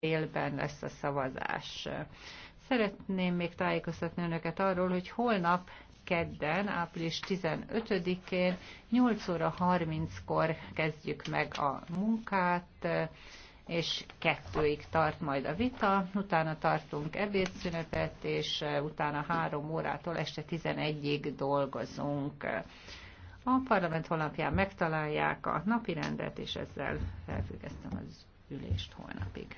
délben lesz a szavazás. Szeretném még tájékoztatni önöket arról, hogy holnap kedden, április 15-én 8 óra 30-kor kezdjük meg a munkát, és kettőig tart majd a vita, utána tartunk ebédszünetet, és utána 3 órától este 11-ig dolgozunk. A parlament holnapján megtalálják a napirendet, és ezzel felfüggesztem az ülést holnapig.